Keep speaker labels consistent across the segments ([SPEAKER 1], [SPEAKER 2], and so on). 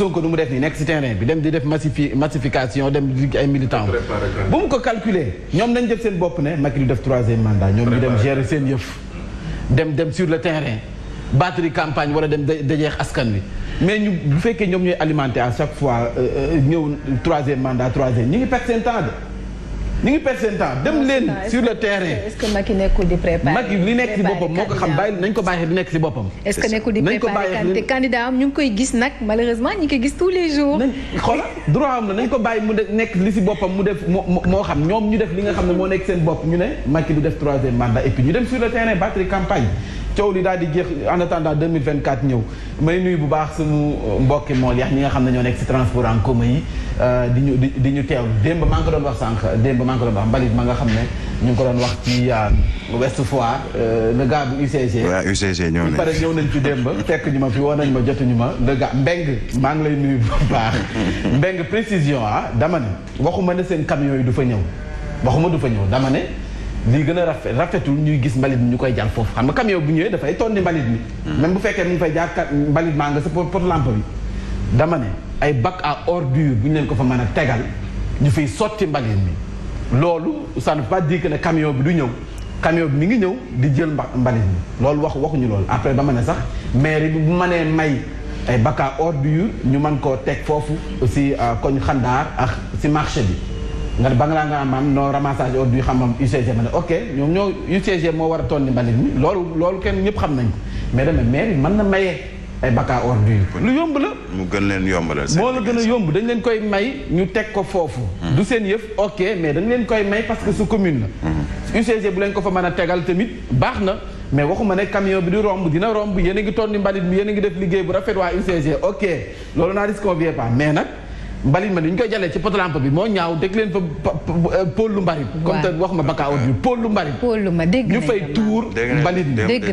[SPEAKER 1] Sonko nu mu def nii nekk ci terrain bi dem di def massifi massification dem di ay militant bu mu ko calculer ñoom nañ def seen bopp ne Macky du def troisième mandat ñoom ñu dem gérer seen yëf dem dem sur le terrain batterie campagne wala dem dajeex askan bi mais ñu bu fekkee ñoom ñooy alimenter à chaque fois euh, euh, ñëw troisième mandat troisième ñu ngi perte seen temps de ñu ngi perte seen temps dem leen sur le terrain. est-ce que Macky nekkul di préparer Macky li nekk si boppam moo ko xam bàyyi nañ ko bàyyi li nekk si boppam. est-ce que nekkul di préparer te candidat am ñu ngi koy gis nag malheureusement ñu koy gis tous les jours. nañ xoola droit am na nañ ko bàyyi mu nekk li si boppam mu def moo xam ñoom ñu def li nga xam ne moo nekk seen bopp ñu ne Macky du def troisième mandat et puis ñu dem sur le terrain battre campagne coow li daal di jeex en attendant 2024 ñëw may nuyu bu baax suñu euh, mbokki mool yax ñi nga xam ne ñoo nekk si transport en commun yi euh, di ñu di di ñu teewlu démb maa ngi doon wax sànq démb maa ngi ko doon wax nga xam ne ñu ngi ko doon wax ci euh, Ouest Foire le gars bu UCG. waaw UCG ñëw nañ pare ñëw nañ ci démb fekk ñu ma fi woo nañ ma jotuñu ma le gars maa ngi lay nuyu bu baax Mbeng précision ah dama ne waxuma ne seen camion du fa ñëw waxuma du fa ñëw dama ne. li gën a rafet rafetul ñuy gis mbalit mi ñu koy jàll foofu xam nga camion bu ñëwee dafay tondi mbalit mi. Hmm. même bu fekkee mu fay jaar mbalit maa nga sa pot lampe bi. dama ne ay bac à ordure bu ñu leen ko fa mën a tegal ñu fi sotti mbalit mi loolu ça ne veut pas dire que camion bi du ñëw. camion bi mi ngi ñëw di jël mba mbalit mi loolu wax waxuñu loolu après dama a sax mairie bi bu mënee may ay bac à ordure ñu mën koo teg foofu si euh, koñ xandaar ak si marché bi. nga ne ba nga nga maam non ramassage hors du xam UCG ma ne ok ñoom ñoo UCG moo war a tonni mbalit mi loolu loolu kenn ñëpp xam nañ ko mais dama maire mën na maye ay bakka hors du lu yomb la. mu gën leen yombalal moo la gën a yomb dañ leen koy may ñu teg ko foofu. Hmm. du seen yëf ok mais dañ leen koy may parce que su commune la. Hmm. UCG bu leen ko fa mën a tegal tamit baax na. mais waxuma ne camion bi di romb dina romb yéen a ngi tonni mbalit bi yéen a ngi def liggéey bu rafet waa UCG ok loolu naa disconvient pas mais nag. mbalit ma ni ñu koy jàllee ci poto lampe bi moo ñaaw dégg leen fa Paul euh, lu mbarit comme te wax ma bakaaw bi Paul lu mbarit Paul lu ma dégg nañ ñu fay tuur mbalit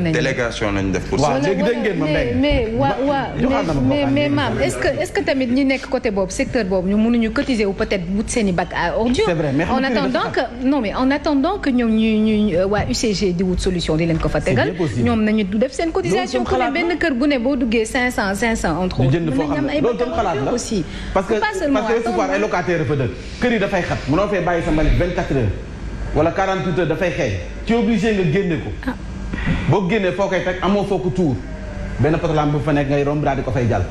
[SPEAKER 1] mi délégation nañ def pour waaw dégg ngeen ma mais waaw waaw mais mais maam est-ce que est-ce que tamit ñi nekk côté boobu secteur boobu ñu mënuñu cotiser ou peut-être wut seen i bac à ordures c'est vrai mais en attendant que non mais en attendant que ñoom ñu ñu euh, waa UCG di wut solution di leen ko fa tegal ñoom nañu du def seen cotisation ku ne benn kër gu ne boo duggee cinq cent cinq cent entre autres mën nañ am ay bac à ordures aussi seulement parce que recevoir ay locataires fa dëkk kër yi dafay xat mënoo fee bàyyi sa mbalit 24 heures wala 48 heures dafay xëy ci obligé nga génne ko ah. boo génnee foo koy teg amoo foo ko tuur benn potolam bu fa nekk ngay romb daal di ko fay jàll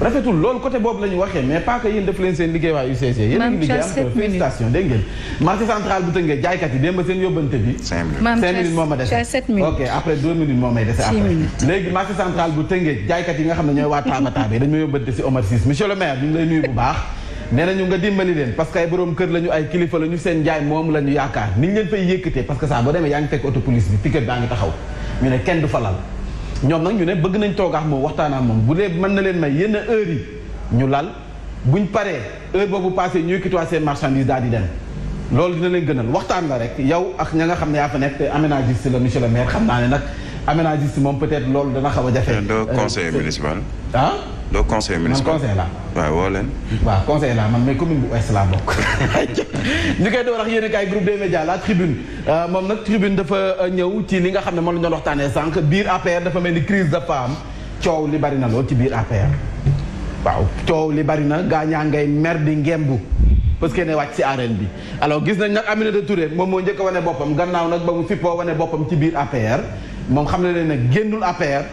[SPEAKER 1] rafetul loolu côté boobu la ñu waxee mais pas que yéen def leen seen liggéey waa UCC yéen a ngi liggéey am solo félicitation dégg ngeen marché central bu tëngee jaaykat yi démb seen yóbbante bi cinq minutes moo ma dese ok après deux minutes moo may dese après léegi marché central bu tëngee jaaykat yi nga xam ne ñooy waa taaba taaba yi dañu ma yóbbante si Omar Cissé monsieur le maire ñu ngi lay nuyu bu baax nee nañu nga dimbali leen parce que ay borom kër lañu ay kilifa lañu seen njaay moom lañu yaakaar ni ñu leen fay yëkkatee parce que saa boo demee yaa ngi fekk auto police bi ticket baa ngi taxaw ñu ne kenn du falal ñoom nag ñu ne bëgg nañ toog moom waxtaan moom bu dee mën na leen may yenn heures yi ñu lal buñ paree heure boobu passé ñuy quitté seen marchandise daal di dem loolu dina leen gënal waxtaan la rek yow ak ña nga xam ne yaa fa nekk te aménagiste la monsieur le maire xam naa ne nag aménagiste moom peut-être loolu dana xaw a jafe. conseil euh, municipal ah. doo conseil municipal man la waaw woo leen. waaw conseil la man mais commune bu Ouest laa bokk. ñu koy door ak yéen kaay groupe des médias la tribune euh, moom nag tribune dafa euh, ñëw ci li nga xam ne moom la ñu doon sànq biir APR dafa mel ni crise de femme coow li bari na lool ci biir APR. waaw coow li bari na gaa ñaa ngay mer di ngembu parce que ne wàcc si arène bi alors gis nañ nag de Touré moom moo njëkk a wane boppam gannaaw nag ba mu fippoo wane boppam ci biir APR moom xam na leen ne génnul APR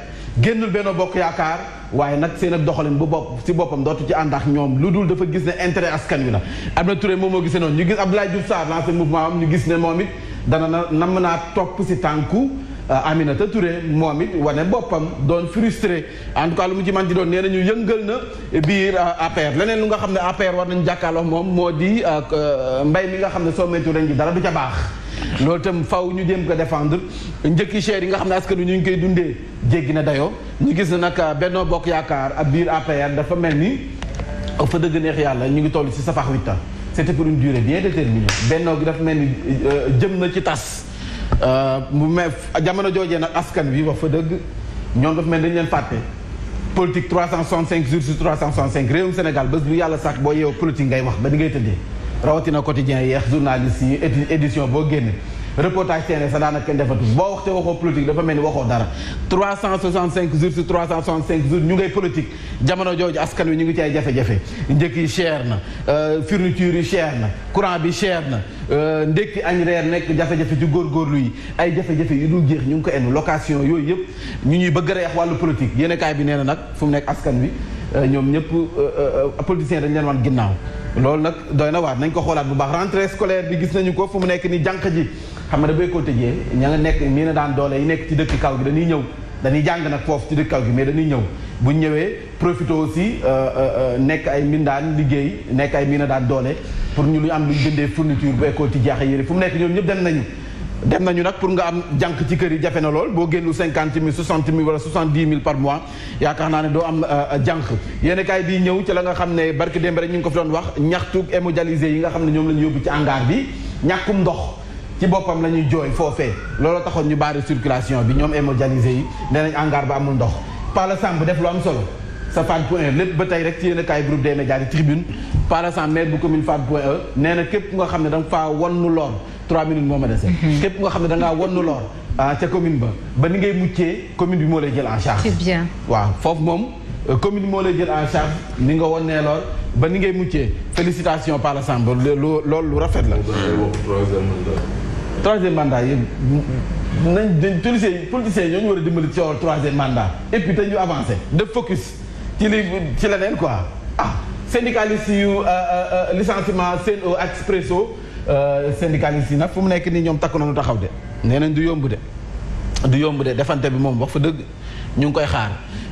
[SPEAKER 1] Bokk Yaakaar. waaye nag seen doxalin bu bopp si boppam dootu ci ànd ak ñoom lu dul dafa gis ne intérêt askan wi la Abdoulaye Touré moom moo gisee noonu ñu gis Abdoulaye Diouf Sarr lancé am ñu gis ne moom it dana na nam naa topp si tànku euh, Aminata Touré moom it wane boppam doon frustré en tout cas lu mu ci man di doon nee na ñu yëngal na biir euh, APR leneen lu nga xam ne APR war nañu jàkkaarloo moom moo di euh, mbay mi nga xam ne soo moytuwul ren ji dara du ca baax. loolu itam faw ñu jëm ko défendre njëkki cher yi nga xam ne askan wi ñu ngi koy dundee jéggi na dayo ñu gis na nag uh, Benno Bokk Yaakaar ak biir APR dafa mel ni fa dëgg neex yàlla ñu ngi toll ci safax huit ans c'était pour une durée bien déterminée bennoo gi dafa mel ni uh, jëm na ci tas mu uh, me jamono joojee nag askan wi wax fa dëgg ñoom dafa mel ni dañu leen fàtte politique 365 jours sur 365 réewum Sénégal bés bu yàlla sax boo yeewoo politique ngay wax ba di ngay tëddee rawatina quotidien yeex journaliste yi édition boo génne reportage teenee sa daanaka kenn defatu boo waxte waxoo politique dafa mel ni waxoo dara 365 jours sur 365 jours ñu ngay politique jamono jooju askan wi ñu ngi ci ay jafe-jafe njëkk yi cher na euh, fourniture yi cher na courant bi cher na euh, ndékki añ reer nekk jafe-jafe ci góorgóorlu yi ay jafe-jafe yu dul jeex ñu ngi ko enn location yooyu yëpp ñu ñuy bëgg a reex wàllu politique yéen bi nee na nag fu mu nekk askan wi euh, ñoom ñëpp politiciens dañ leen wan ginnaaw loolu nag doy na waar nañ ko xoolaat bu baax rentrée scolaire bi gis nañu ko fu mu nekk ni jànq ji xam nga da bay ko tëjee ña nekk mii na daan doole yi nekk ci dëkk kaw gi dañuy ñëw dañuy jàng nag foofu ci dëkk kaw gi mais dañuy ñëw bu ñëwee profité aussi euh, euh, euh, nekk ay mbindaan liggéey nekk ay mii na daan doole pour ñu lu am luñ jëndee fourniture bu école ci jaaxe yére fu mu nekk ñoom ñëpp dem nañu dem nañu nag pour nga am jànk ci kër yi jafe na lool boo génnu cinquante mille soixante mille wala soixante dix mille par mois yaakaar naa ne doo am euh, euh, jànk yéen kaay bii ñëw ci la nga xam ne barke démb rek ñu ngi ko doon wax ñaxtu hémodialysé yi xam ne ñoom la ñu yóbbu ci hangar bi ñàkkum ndox ci boppam la ñuy jooy foofe looloo taxoon ñu baare circulation bi ñoom hémodialysé yi nee nañ hangar ba amul ndox Pala Samb def lu am solo sa Fann Point E lépp ba tey rek ci yéen kaay groupe des médias di tribune Pala Samb maire bu commune Fann Point E na képp nga xam ne danga faa wonnu lool 3 minutes moo ma dese. Mhm. képp nga xam ne da ngaa won lool ah, ca commune ba ba ni ngay muccee commune bi moo lay jël en charge. Euh, commune moo lay en charge ni nga won nee lool ba ni ngay muccee félicitations par l'Assemblée lool lu rafet la. troisième mandat yi nañ dañ politiciens politiciens ñoo ñu war a dimbali ci wàllu troisième mandat et puis dañu avancé def focus ci li ci leneen quoi ah syndicaliste yu euh, euh, licenciement Sen'Eau ak Expresso Euh, syndicalistes yi nag fu mu nekk nii ñoom takk na lu taxaw de nee nañ du yomb de du yomb de defante bi moom wax fa dëgg ñu ngi koy xaar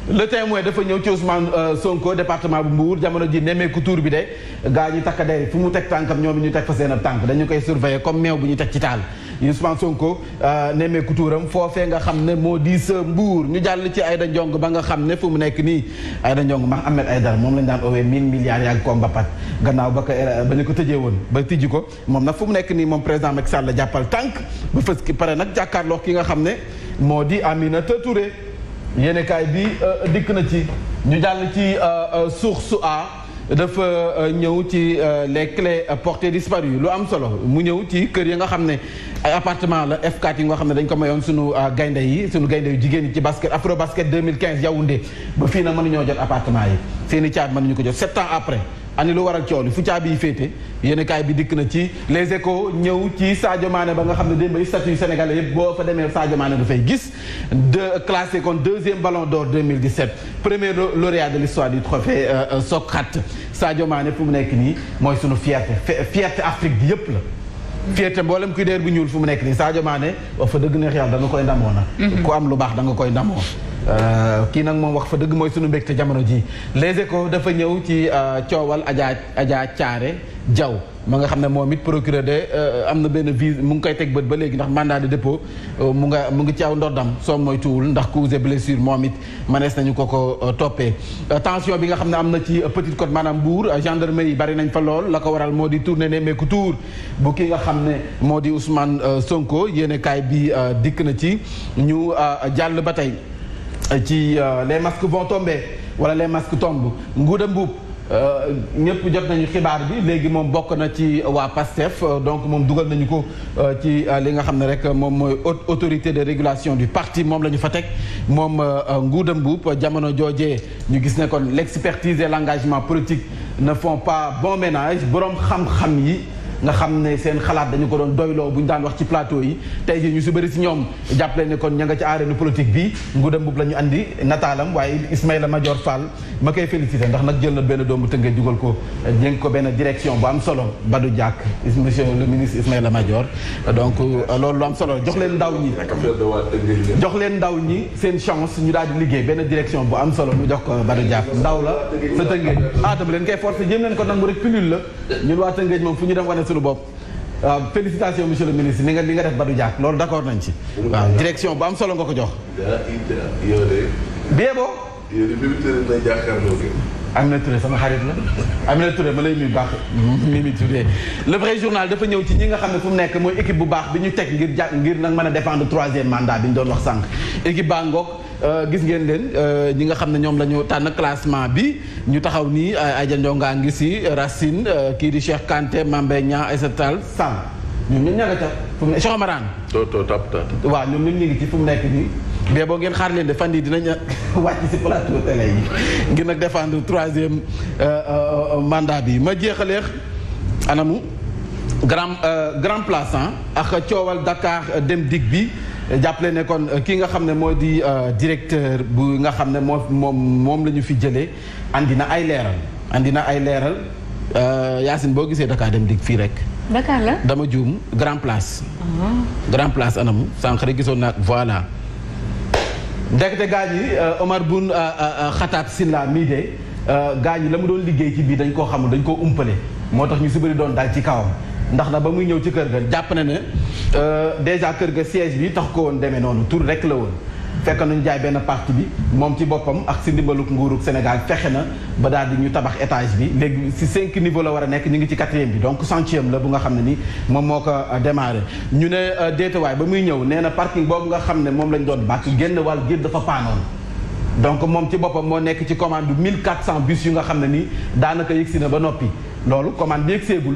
[SPEAKER 1] le témoin dafa ñëw ci Ousmane euh, Sonko département bu Mbour jamono ji nemmeeku tuur bi de gaa ñu takk day fu mu teg tànkam ñoom ñu teg fa seen ab tànk dañu koy surveiller comme meew bu ñu teg ci taal Ousmane Sonko euh, nemmeeku tuuram foofee nga xam ne moo di sa mbuur ñu jàll ci ay Aïda Ndiong ba nga xam ne fu mu nekk nii ay Aïda Ndiong ma ay dara moom lañ daan owee mille milliards yàgg ko mbapat gannaaw ba ko euh, ba ñu ko tëjee woon ba tijji ko moom nag fu mu nekk nii moom président Macky Sall jàppal tànk ba fës ki pare nag jàkkaarloo ki nga xam ne moo di Aminata Touré yéenekaay bi euh, dikk na ci ñu jàll ci source a dafa euh, ñëw ci euh, les clés euh, portées disparues lu am solo mu ñëw ci kër ya nga xam ne ay appartement la F4 yi nga xam ne dañ ko mayoon sunu gaynde yi sunu gaynde yu jigéen yi ci basket afro basket 2015 Yaoundé ba fii nag mënuñoo jot appartement yi seeni caat mënuñu ko jot sept ans après ani lu waral coow li fu caabi yi féete yéen bi dikk na ci les échos ñëw ci Sadio Mané ba nga xam ne démb statut sénégalais yëpp boo fa demee Sadio Mané dafay gis de classé kon deuxième ballon d'or 2017 premier lauréat de l'histoire du trophée euh, euh, Sokrat Sadio Mané fu mu nekk nii mooy sunu fierté fierté Afrique bi yëpp la fierté mboolem kuy deer bu ñuul fu mu nekk nii Sadio Mané wax fa dëgg neex yàlla da nga koy ndamoo nag. Mhm. ku am lu baax danga koy ndamoo. Euh, kii nag moom wax fa dëgg mooy sunu mbégte jamono ji Les ko dafa ñëw ci euh, coowal ajaa Adja caare jaw ma nga xam ne moom it procureur de euh, am na benn vise mu ngi koy teg bët ba léegi ndax mandat de dépôt euh, mu nga mu ngi caaw ndoddam soo moytuwul ndax coups et blessure moom it manees nañu ko ko euh, toppee tension bi nga xam ne am na ci Petite Côte maanaam Mbour gendarmerie bari nañ fa lool la ko waral moo di tourné ne meeku tour bu nga xam ne moo di Ousmane Sonko yéene kaay bi dikk na ci ñu jàll ba tey ci les masques vont tomber wala les masques tombent nguuda mbuub Euh, ñëpp jot nañu xibaar bi léegi moom bokk na ci waa PASTEF euh, donc moom dugal nañu ko euh, ci li nga xam ne rek moom mooy autorité de régulation du parti moom la ñu fa teg moom Ngouda Mboup jamono joojee ñu gis ne kon l'expertise et l'engagement politique ne font pas bon ménage boroom xam-xam yi nga xam ne seen xalaat dañu ko doon doyloo bu ñu daan wax ci plateau yi tey jii ñu si bëri si ñoom jàppale ne kon ña nga ci arène politique bi nguuda mbub la ñu andi nataalam waaye bu le ministre Ismaïla Madior donc euh, loolu lu am solo jox leen di liggéey benn direction bu ko Badou Diack ndaw la sa tëngee ah tam leen la ñun waa tëngee moom fu suñu bopp waaw félicitation monsieur le ministre ni nga li nga def ba du jàkk loolu d'accord nañ ci waaw direction bu am solo nga ko jox bee boo Amina Touré sama xarit la Amina Touré ma lay nuyu baax Mimi Touré le vrai journal dafa ñëw ci ñi nga xam ne fu mu nekk mooy équipe bu baax bi ñu teg ngir jà ngir nag mën a défendre troisième mandat bi ñu doon wax sànq équipe baa ngoog Euh, gis ngeen leen euh, ñi nga xam ne ñoom la tànn classement bi ñu taxaw nii Adja Ndonga ngi si Racine euh, kii di Cheikh Kanté Mambé ay Aïssata Tall Sall ñoom ñoom ña nga ca fu mu ne Cheikh Omarane waaw ñoom ñoom ñu ngi ci fu mu nekk nii bee boo ngeen xaar leen de fan yii dinañ wàcc si plateau télé yi ngir nag défendre troisième mandat bi ma jeexaleex anamu grand grand place ak coowal Dakar dem dig bi jàppale ne kon euh, kii nga xam ne moo di euh, directeur bu nga xam ne moo moom moom la ñu fi jëlee andi na ay leeral andi na ay leeral euh, Yacine boo gisee Dakar dem dig fii rek. Dakar dama juum grand place. Ah. grand place anam sànq rek gisoon naa voilà. ndekete gaañ yi Omar Boun xataat Silla mii de gaañ yi la mu doon liggéey ci biir dañ koo xamul dañ koo umpale moo tax ñu si bëri doon daal ci kawam. ndax na ba muy ñëw ci kër ga jàpp na ne euh, déjà kër ga siège bi tax ko woon demee noonu tur rek la woon fekk nañu jaay benn parti bi moom ci boppam ak si ndimbaluk nguuru Sénégal fexe na ba daal di ñu tabax étage bi léegi si cinq niveau la war a nekk ñu ngi ci quatrième bi donc centième la bu nga xam ne ni moom moo ko euh, démarré ñu ne euh, déetawaay ba muy ñëw nee na parking boobu nga xam ne moom lañ doon bàkk génn wàll génn dafa paanoon donc moom ci boppam moo nekk ci commande mille quatre cent bus yu nga xam ne ni daanaka yëgsi na ba noppi loolu commande bi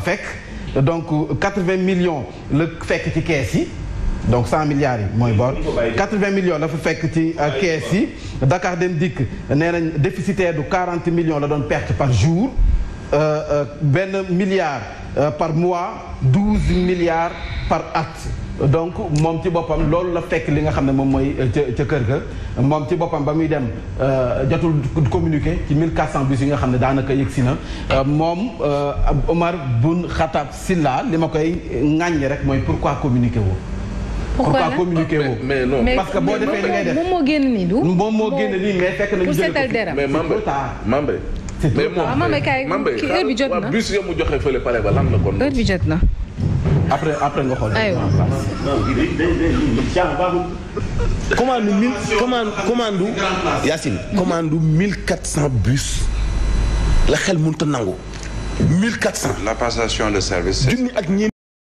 [SPEAKER 1] fa fekk donc quatre-vingts millions la fekk ci kees yi donc cent milliards yi mooy bor quatre-vingts la fu fekk ci euh, kees yi Dakar Dem Dikk nee nañ déficitaire du quarante millions la doon perte par jour euh, euh, benn milliard par mois douze milliards par at donc moom ci boppam loolu la fekk li nga xam ne moom mooy euh, ca ca kër ga moom ci boppam ba muy dem euh, jotul communiqué ci 1400 bus yi nga xam ne daanaka yëg si na euh, moom Omar Bun Khattab Silla li ma koy ŋàññi rek mooy pourquoi communiqué woo
[SPEAKER 2] pourquoi communiqué
[SPEAKER 1] woo mais non parce que boo defee li ngay def moom moo génn nii du moom moo génn nii mais fekk nañu jël mais membre membre membre kaay heure na bus ya mu joxe fële pare ba lan la kon heure bi jot na après après nga xool. aywa commande mille commande commande Yacine. cent bus la xel mënut a nangu. cent. la passation de service.